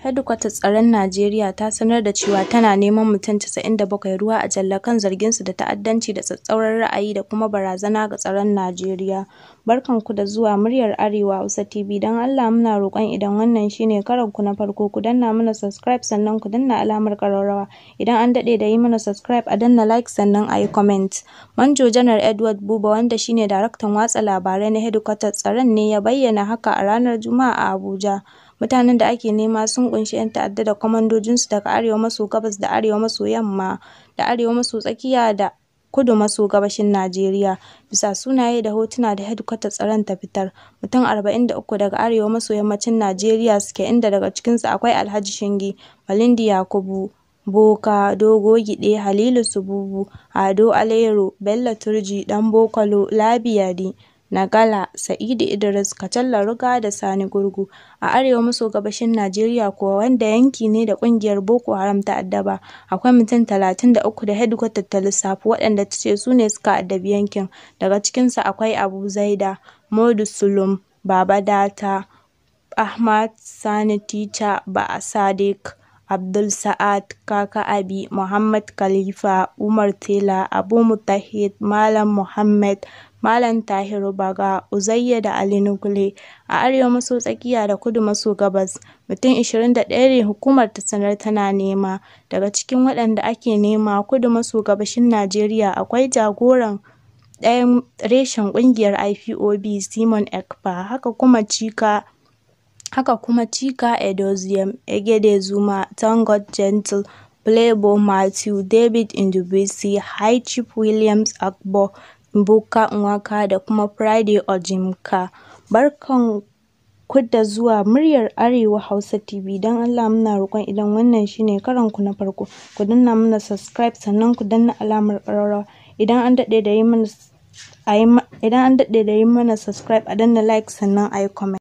Hedkwatar Tsaron Najeriya ta sanar da cewa tana neman mutum 97 ruwa a jalla kan zarginsu da ta'addanci da tsatstsauran ra'ayi da kuma barazana ga tsaron Najeriya. Barkanku da zuwa muryar Arewa Hausa TV don Allah muna roƙon idan wannan shine ne ku na farko ku danna mana subscribe sannan ku danna alamar ƙararrawa idan an daɗe da yi mana subscribe a danna like sannan a yi comment. Manjo Janar Edward Buba wanda shine daraktan watsa labarai na hedkwatar tsaron ne ya bayyana haka a ranar Juma'a a Abuja. Mutanen da ake nema sun ƙunshi 'yan ta'adda da kwamandojinsu daga arewa maso gabas da arewa maso yamma da arewa maso tsakiya da kudu maso gabashin Najeriya, bisa sunaye da hotuna da hedkwatar tsaron ta fitar. Mutum 43 daga arewa maso yammacin Najeriya suke, inda daga cikinsu akwai Alhaji Shinge, Malindi Yakubu, Boka Dogo Halilu sububu Ado Alero, Bello Turji, Ɗanbokolo, Labi Yadi. Nagala, Sa'idu Idris, Kacalla Ruga da Sani Gurgu. A arewa maso gabashin Najeriya kuwa wanda yanki ne da ƙungiyar Boko Haram ta addaba, akwai mutum talatin da uku da hedikwatar ta lissafo waɗanda ta ce su ne suka addabi yankin, daga cikinsu akwai Abu Zaida, Sulum, Baba Data, Ahmad Sani Ticha Ba sadiq Abdul Sa'ad, Kaka Abi, Muhammad Khalifa, Umar Tela, Abu Mutahid, Malam Muhammad, Malam Tahiru Baga, Uzayya da Ali Nugule A arewa maso tsakiya da kudu maso gabas, mutum 21 ne hukumar ta sanar tana nema. Daga cikin waɗanda ake nema kudu maso gabashin Najeriya akwai jagoran ɗayan reshen ƙungiyar IPOB Simon Ekpa, haka kuma cika. Haka kuma Chika Edoziem zuma Thongok gentle Flavour Matthew, David High Chief williams agbo mbuka Nwaka da kuma Friday ojimka. barkan ku da zuwa muryar Arewa Hausa TV don Allah muna roƙon idan wannan shi ne ku na farko ku danna mana subscribe sannan ku danna alamar ƙararrawa idan an daɗe da yi mana subscribe a danna like sannan a yi comment.